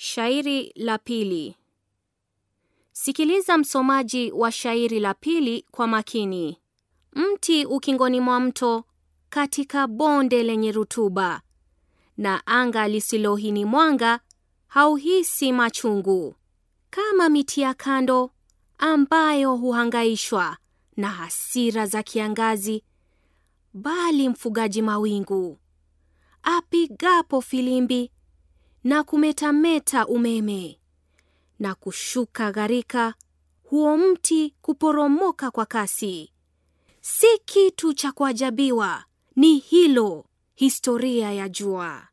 Shairi la pili. Sikiliza msomaji wa shairi la pili kwa makini. Mti ukingoni mwa mto, katika bonde lenye rutuba na anga lisilohini mwanga, hauhisi machungu, kama miti ya kando ambayo huhangaishwa na hasira za kiangazi, bali mfugaji mawingu apigapo filimbi na kumetameta umeme na kushuka gharika, huo mti kuporomoka kwa kasi. Si kitu cha kuajabiwa, ni hilo, historia ya jua.